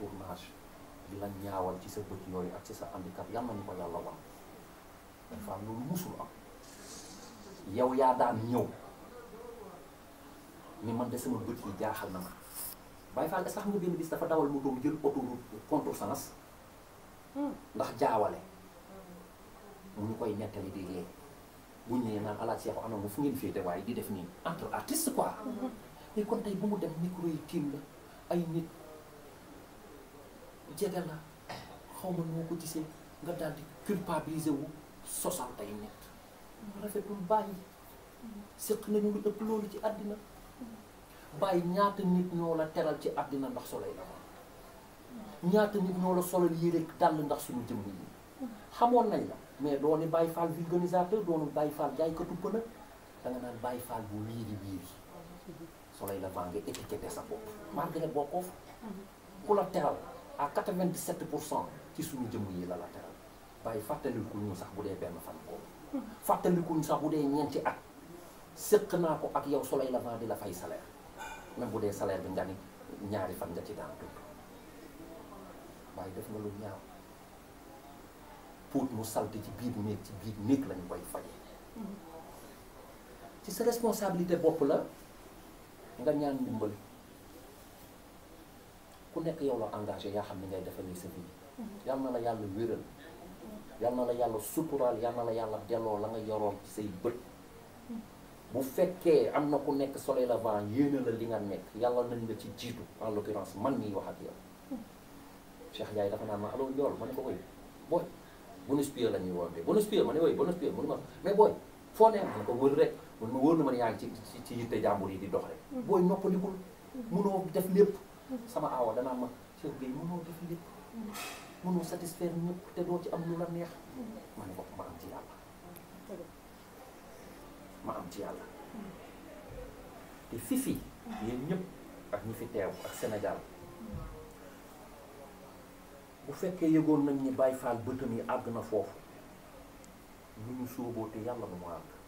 tournage di la ñaawal ci sa bët yooyu ak ci sa handicap yal nañu ko yàlla wan dafa am loolu musul am yow yaa daan ñëw ni man de sama bët yi jaaxal na ma Baye Fall sax nga benn bis dafa dawal mu doom jël autoroute contresens hmm. ndax jaawale mu ñu koy nettali di lee buñ nee naan alaaj seexu anam fu ngeen féete waaye di def nii entre artiste quoi mais hmm. kon tey bu mu dem micro yi tiim la ay nit jege la xaw ma noo ko gisee nga daal di culpabiliser wu sosal tey nit rafetul bàyyi séq nañu lu ëpp loolu ci àddina bàyyi ñaata nit ñoo la teral ci àddina ndax soleil la moom ñaata nit ñoo la solal yi rek dàll ndax suñu jëmm yi xamoon nañ la mais dooni bàyyi faal vulgarisateur doonu bàyyi faal jaaykatu pëna da nga naan bàyyi faal bu wiiri wiiri soleil la vent nga étiqueté sa bopp malgré bokkoof mm-hmm. ku la teral à 97 pour cent ci suñu jëmm yi la la teral bàyyi fàttalikuñ ñu sax bu dee benn fan boobu fàttalikuñ sax bu dee ñeenti at sëq naa ko ak yow soleil levant di la fay salaire même bu dee salaire bi nga ni ñaari fan nga ci daan dund waaye def nga lu ñaaw puut mu salte ci biir néeg ci biir néeg lañu koy ci sa responsabilité la nga ñaan ku nekk yow la engagé yaa xam ni ngay defalee sa vie yal la yàlla wéral yal la yàlla suturaal yal la yàlla delloo la nga yoroon ci say bët bu fekkee am na ku nekk soleil levant yéene la li nga nekk yàlla nañ la ci jiitu en l'occurrence man mii wax ak yow Cheikh Ndiaye dafa naan ma allo Ndiol ma ne ko koy booy bonus pied la ñuy woowee bonus pied ma ne woy bonus pied mu ne ma mais booy foo nee ma ne wër rek man ma wóor ma yaa ngi ci ci yitte jàmbur yi di dox rek booy noppalikul mënoo def lépp sama aawa danaa ma Cheikh Gueye mënoo def lépp mënoo satisfaire ñëpp te doo ci am lu la neex ma ne ko ma am ci yàlla ma am ci yàlla te fifi yéen ñëpp ak ñi fi teew ak Sénégal bu fekkee yëgoon nañ ni Baye Fall bëtam yi àgg na foofu nu ñu sóoboo te yàlla nu mu àgg